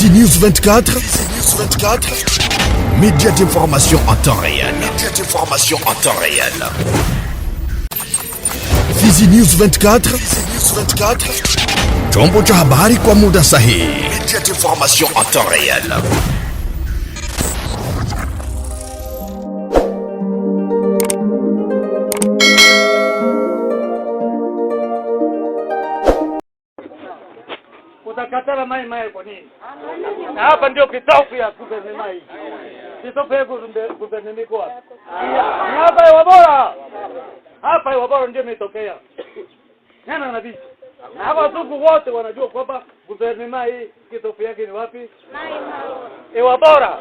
Easy News 24. Easy News 24. Média d'information en temps réel. Média d'information en temps réel. Easy News 24. Easy News 24. Chombo cha habari Sahi. muda Média d'information en temps réel. Mimi na hapa ndio kitofu ya guvernema hii, kitofu ya guvernema iko wapi? Hapa Ewabora, hapa Ewabora ndio imetokea nena nabii na hawa wazungu wote wanajua kwamba guvernema hii kitofu yake ni wapi? Ewabora,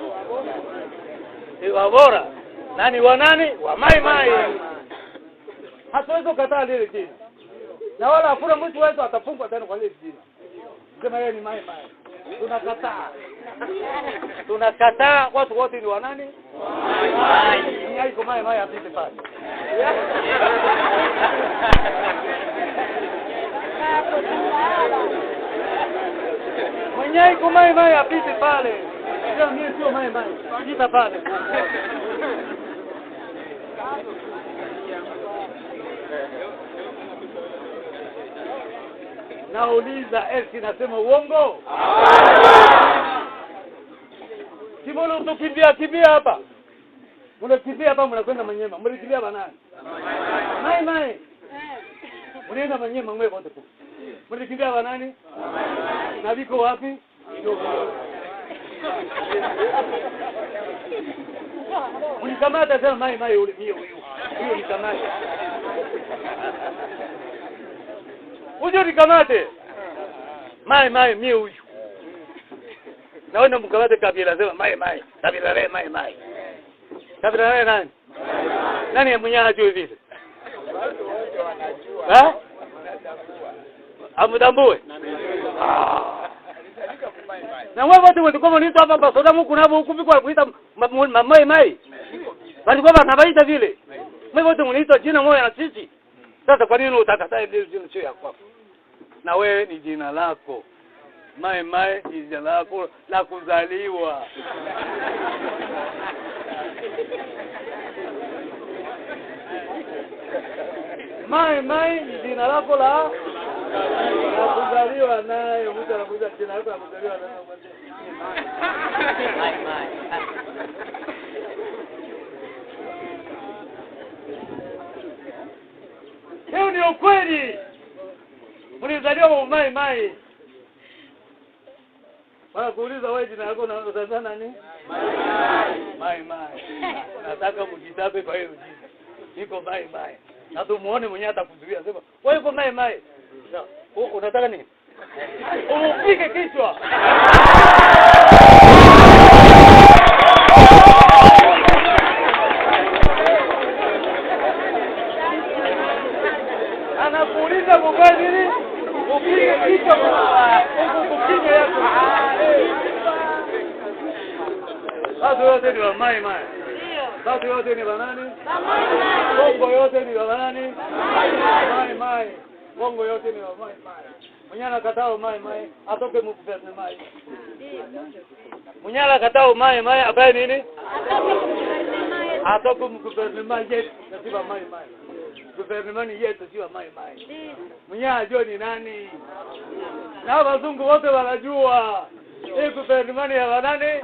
e bora, nani wa nani wa Mai Mai. Hatuwezi kukataa lile jina na wala hakuna mtu wetu atafungwa tena kwa lile jina, sema yeye ni Mai Mai tunakataa tunakataa watu wote ni wanani haiko maye maye apite pale mwenye iko maye apite pale sio mimi sio pita pale nauliza eti nasema uongo? Kimona utukimbia kimbia hapa, mnakimbia hapa, mnakwenda Manyema, mlikimbia bana. mai mai, mnaenda Manyema mwe kote ku, mlikimbia nani? na viko wapi? Ulikamata sana mai mai, ule mio huyo, hiyo ni kamata huyo nikamate mai mai mie huyu naona mkamate kabila sema mai mai kabila le mai mai kabila le nani nani mwenye anajua vile ha amdambue ah. na wewe watu wote kama ni hapa hapa soda kuna hapo huku kwa kuita mamai mai bali kwa sababu nabaita vile mimi wote mniita jina moja na sisi sasa kwa nini utakataa ile jina sio ya kwako na wewe ni jina lako mae mae ni jina lako la kuzaliwa mae mae ni jina lako la la kuzaliwa naye mtu anakuja jina lako la kuzaliwa naye hiyo ni ukweli mlizaliwa maumai mai wanakuuliza wewe jina lako unazaa nani mai mai nataka mjitape kwa hiyo jina niko mai mai na tumuone mwenye atakuzuia sema wewe uko mai mai unataka nini Umpike kichwa akataa mai maye atoke mu mai Munyala katao mai mai abaye nini? Atoke mu gouvernement yetu nasiba maye maye. Gouvernement yet sio mai mai Munyala ajua ni nani? Na wazungu wote wanajua. Hii mani ya wanani?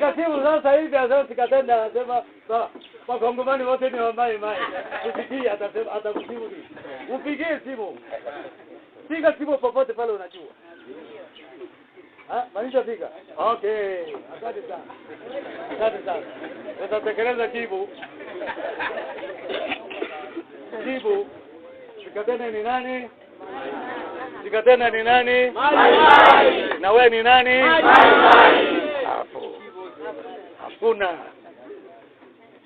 Katibu sasa hivi anasema sikatenda anasema sawa. Wakongomani wote ni wa maye maye. Usikie atasema ni Upigie simu piga kipo popote pale unajua maanisha piga okay asante sana asante sana tutatekeleza kibu kibu shikatene ni nani shikatene ni nani na wewe ni nani hapo hakuna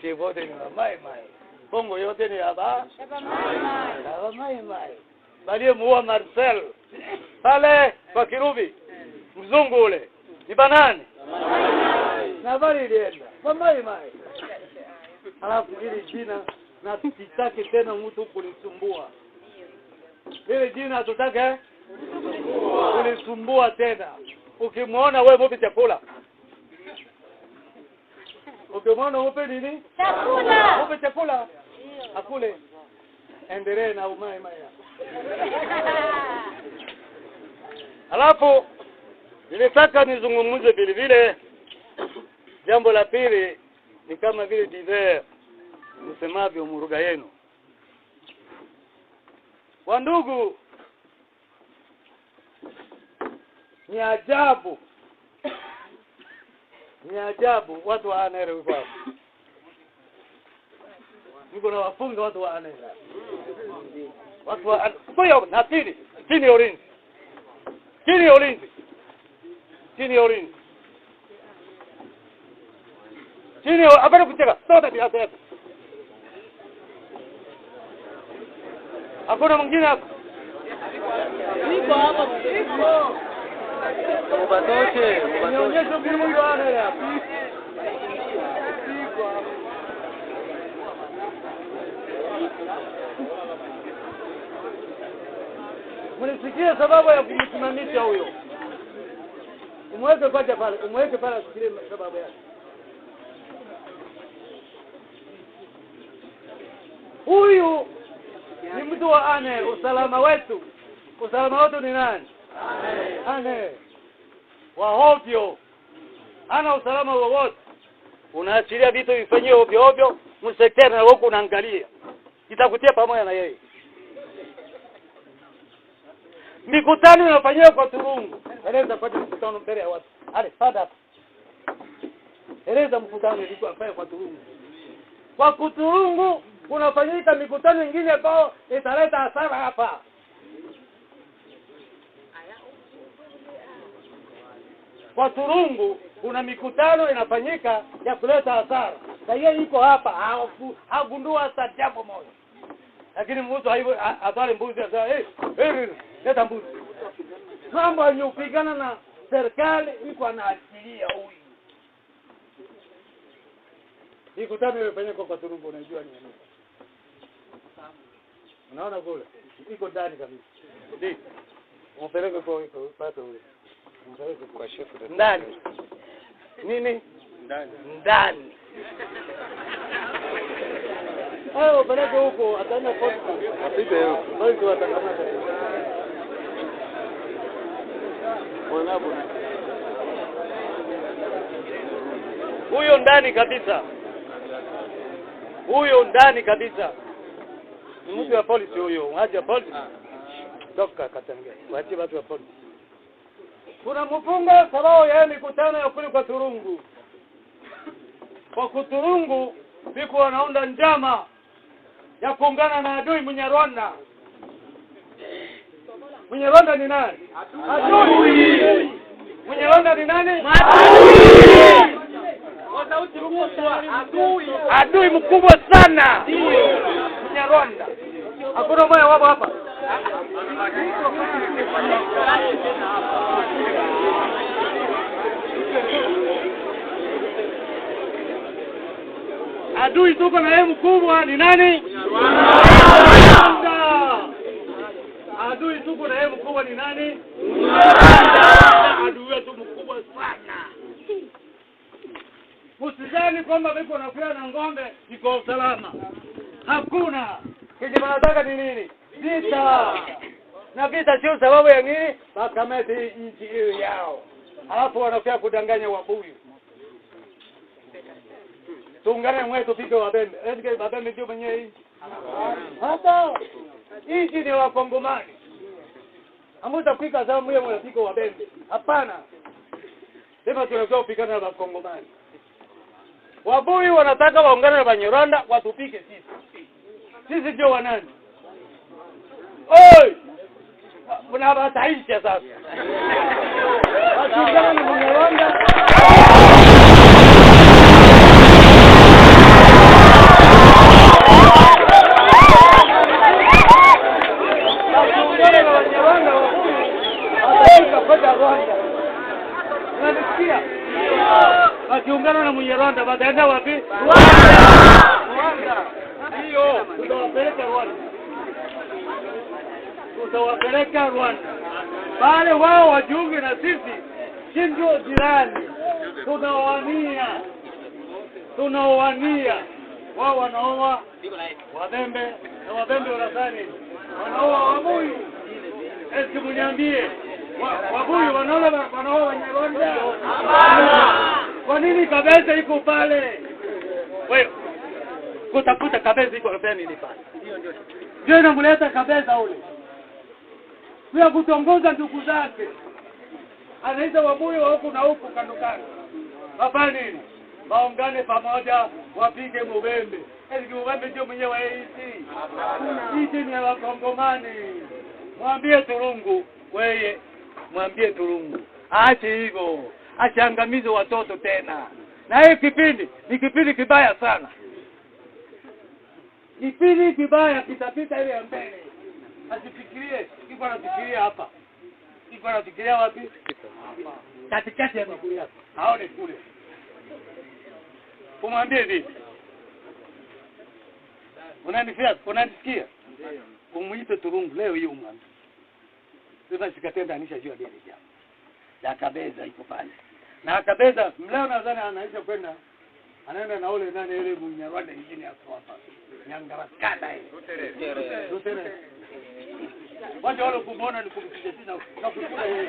kivote ni maimai bongo yote ni aba. hapa hapa maimai muua Marcel pale kwa Kirubi, mzungu ule ni banani na bali ilienda kwa mai mai. Alafu hili jina na sitaki tena mtu kulisumbua hili jina hatutake eh? kulisumbua tena. Ukimwona we mupi chakula, ukimwona mupi nini chakula, mupi chakula akule, endelee na umai mai yako Halafu nilitaka nizungumze vile vile jambo la pili ni kama vile divee msemavyo muruga yenu. Kwa ndugu, ni ajabu, ni ajabu watu anere kwao. Niko na wafunga watu waanere w a t wa s i na c h i n n i ya u l i chini ya u i n z i i n i ya i n z i i n i h a r i kucheka sio t a b e t u u n a i n g i a p k o h a p i k o u a t u b a m w n g i n a p Thank you. mlisikie sababu ya kumsimamisha huyo umweke kwanza pale umweke pale asikilie sababu yake huyu ni mtu wa ane usalama wetu usalama wetu ni nani ane, ane. wa hovyo ana usalama wowote unaachilia vitu vifanyiwe ovyo ovyo msektari na huko unaangalia itakutia pamoja na yeye mikutano inafanywa kwa turungu eleza kwa mkutano mbele ya watu ale sada eleza mkutano ilikuwa fanya kwa turungu kwa kuturungu kunafanyika mikutano mingine ambayo italeta hasara hapa kwa turungu kuna mikutano inafanyika ya kuleta hasara na hiyo iko hapa hagundua hata jambo moja lakini mbuzi mtu atwale mbuzi asa eh eh leta mbuzi. Mambo aliyopigana na serikali iko anaachilia huyu. iko Mikutano iliyofanyika kwa Turungo, unajua ni nini? Unaona kule iko ndani kabisa, ndio mpeleke kwa iko pato ule mpeleke kwa shefu ndani nini ndani ndani hao bado huko ataenda kote. Apite huko. Basi watakamata. Wanapo. Huyo ndani kabisa. Huyo ndani kabisa. Mtu wa polisi huyo, mwaje polisi. Toka ah. katenge. Waache watu wa polisi. Kuna mfunga salao ya mikutano ya kule kwa turungu. Kwa kuturungu siku wanaunda njama ya kuungana na adui mwenye Rwanda. Mwenye Rwanda ni nani? Adui. Mwenye Rwanda ni nani? Adui. Adui mkubwa sana mwenye Rwanda. Hakuna moyo wapo hapa. Adui tuko na yeye mkubwa ni nani? Adui tuko na yeye mkubwa ni nani? Adui wetu mkubwa sana. Usizani kwamba mimi nakula na ng'ombe niko usalama. Hakuna. Kile nataka ni nini? Vita. Na vita sio sababu ya nini? Bakameti nchi hiyo yao. Alafu wanafia kudanganya wakuyu Tuungane mwetu pige wabembe. wabembe ndio mwenyewe hii. Hata hizi ni wakongomani ambaza kuika zamu ya mwanapiko wa bembe. Hapana, sema tunaweza kupigana na wakongomani. Wabui wanataka waungane na wanyeranda watupike sisi. Sisi ndio wanani? Oi! Mnabataisha sasa. Washindana na Banyarwanda. wanakwenda Rwanda, unanisikia? Wakiungana na mwenye Rwanda wataenda wapi? Rwanda. Ndio tutawapeleka Rwanda, tutawapeleka Rwanda bale wao wajiunge na sisi, si ndio jirani? Tunawania, tunawania. Wao wanaoa wabembe na wabembe wanafanya Wanaoa wabuyu. Esi muniambie Wabuyu wanaoa wanaoa wenye ronda? Kwa nini Kabeze iko pale? Wewe kutafuta Kabeze iko pale nini pale? Ndio ndio. Ndio inamleta Kabeza ule. Bila kutongoza ndugu zake. Anaita wabuyu wa huku na huku kando kando. Hapa nini? Waungane pamoja wapige mubembe. Hivi mubembe ndio mwenyewe hizi. E Hapana. Hizi ni ya Wakongomani. Mwambie Turungu weye mwambie Turungu aache hivyo, asiangamize watoto tena. Na hii kipindi ni kipindi kibaya sana, kipindi kibaya kitapita ile ya mbele. Asifikirie iko anafikiria hapa, iko anafikiria wapi? katikati ya miguu yako, aone kule, umwambie vipi? Unanisikia? Unanisikia? Umwite Turungu leo hiyo, umwambie Sifa zikatenda anishajua dili jambo. Na Kabeza iko pale. Na Kabeza mleo nadhani anaisha kwenda anaenda na ule nani ile Mnyarwanda nyingine hapo hapa. Nyangarakada ile. Tutere. Tutere. Wacha wale kumwona ni sina na kukula yeye.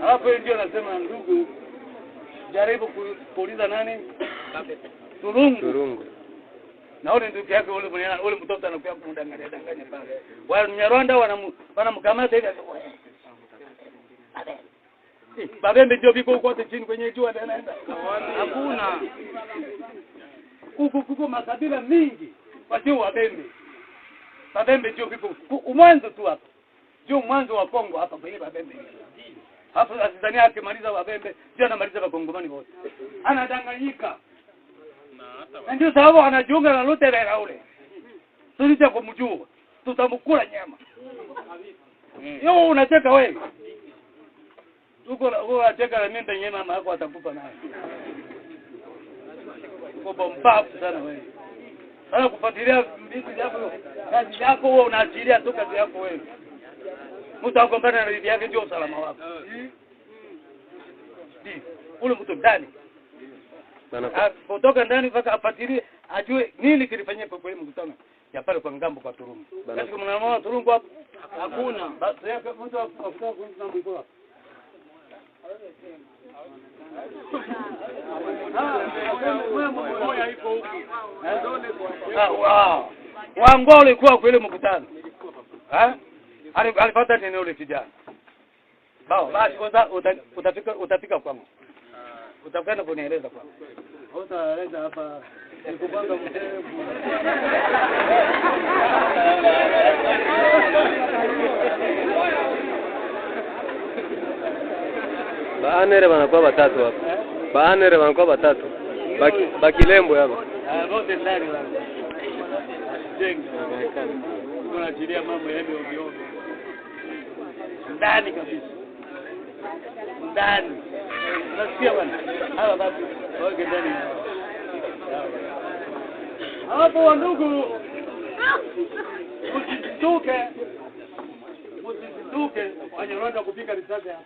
Hapo ndio anasema ndugu, jaribu kuuliza nani Turungu, Turungu. Na ule ndugu yake ule mwenye ule mtoto anakuwa kumdanganya danganya pale. Wale Mnyarwanda wanamkamata hivi. Babembe ndio biko huko chini kwenye jua anaenda. Hakuna. Huko kuko makabila mingi. Kwa hiyo wabembe. Babembe ndio biko. Umwanzo tu hapo sio mwanzo wa Kongo hapa kwa ile Babembe hapo. Tanzania akimaliza Babembe ndio anamaliza Bakongomani wote, anadanganyika na ndio sababu anajiunga na Lutera ile ule tulita kumjua, tutamkula nyama yo. Unacheka wewe, tuko na wewe, acheka na mimi nyenye mama yako atakupa nayo Uko bombafu sana wewe. Sasa kufuatilia mbizi yako kazi yako, wewe unaachilia tu kazi yako wewe mtagombana na bibi yake ndio usalama wako ule mtu ndani kutoka ndani mpaka afatilie ajue nini kilifanyika kwa mkutano ya pale kwa ngambo kwa Turungu. Katika mnamo wa Turungu hapo hakuna. Basi yake mtu afuka kwa mko hapo. Wangwao ulikuwa kwa ile mkutano. Eh? alipata neno ule kijana bao basi kwanza utafika utafika kwangu ah. utakwenda kunieleza kwangu utaeleza hapa nikupanga mtevu baanere wanakuwa batatu hapa eh? baanere wanakuwa batatu bakilembo hapa eh, wote ndani mjenga wa Marekani unaachilia mambo yaende ovyo ndani kabisa ndani unasikia bwana hawa basi waweke ndani hapo wandugu msistuke msistuke wenye Rwanda kupika risasi hapa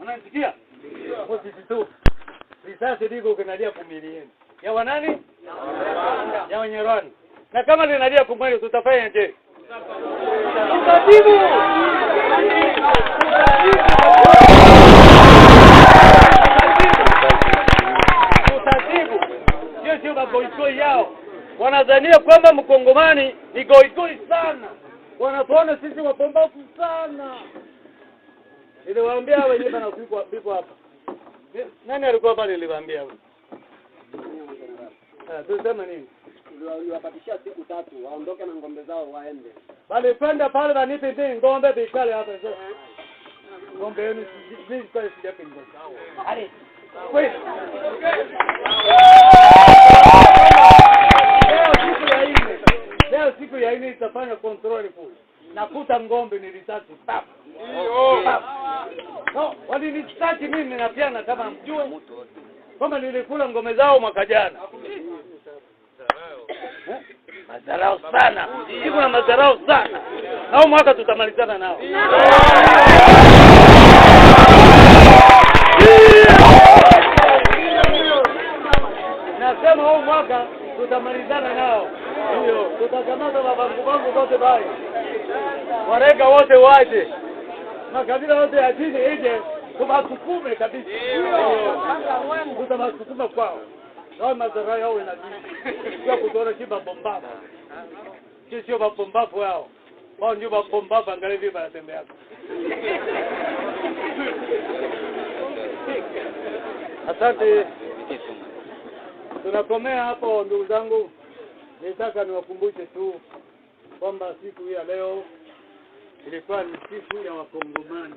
unanisikia msistuke risasi liko kinalia kumilieni ya wanani ya wenye Rwanda na kama linalia kumweli tutafanyaje? Tutajibu. Tutatibu. Hiyo sio magoigoi yao, wanadhania kwamba mkongomani ni goigoi sana, wanatuona sisi wapombavu sana. Niliwaambia wenyewe bana, kuiko hapa nani alikuwa hapa? Niliwaambia Eh, tuseme nini? Uliwapatishia siku tatu waondoke na ng'ombe zao waende. Walipenda pale wanipe ndio ng'ombe vikale hapa sasa. Ng'ombe yenu sisi kwa sijapenga. Ale. Kweli. Leo siku ya nne. Leo siku ya ine itafanya control full. Nakuta ng'ombe nilitaki tap. Ndio. No, walinitaki mimi na pia kama mjue kwamba nilikula ngome zao mwaka jana eh? madharau sana siku na madharau sana nao, mwaka tutamalizana nao nasema huu mwaka tutamalizana nao ndio tutakamata mabangu bangu zote bai wareka wote waje makabila yote ya chini ije tubasukume kabisa, tutabasukuma kwao ao madhara yao inabidi sio kutuona si bapombavu, si sio bapombavu yao wao ndio bapombavu. Angalia vile wanatembea asante. Tunakomea hapo ndugu zangu, nitaka niwakumbushe tu kwamba siku hii ya leo ilikuwa ni siku ya Wakongomani.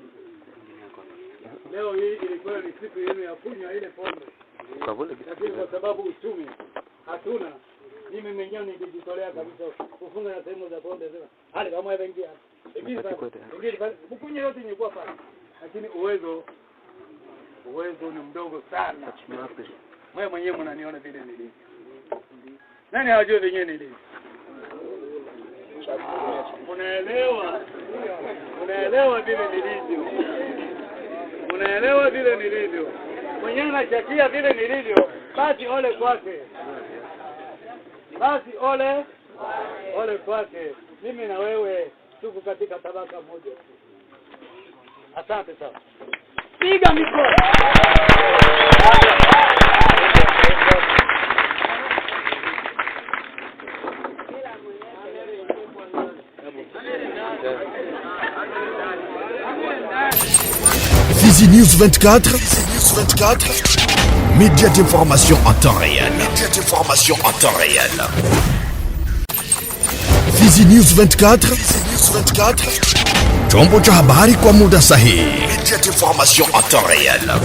Leo hii ilikuwa ni siku yenu ya kunywa ile pombe, lakini kwa sababu uchumi hatuna, mimi mwenyewe nilijitolea kabisa kufunga na sehemu za pombe zile, hali kama wewe ingia kunywa yote ingekuwa pale, lakini uwezo uwezo ni mdogo sana. Mwe mwenyewe mnaniona vile nilivyo. Nani hawajua vyenyewe nilivyo? Unaelewa, unaelewa vile nilivyo unaelewa vile nilivyo mwenyewe, nachakia vile nilivyo, basi ole kwake, basi ole ole kwake. Mimi na wewe tuko katika tabaka moja tu. Asante sana, piga mikono. Easy News 24. Easy News 24. Média d'information en temps réel. Média d'information en temps réel. Easy News 24. Easy News 24. Chombo cha Kwamuda Sahi. Média de Média d'information en temps réel.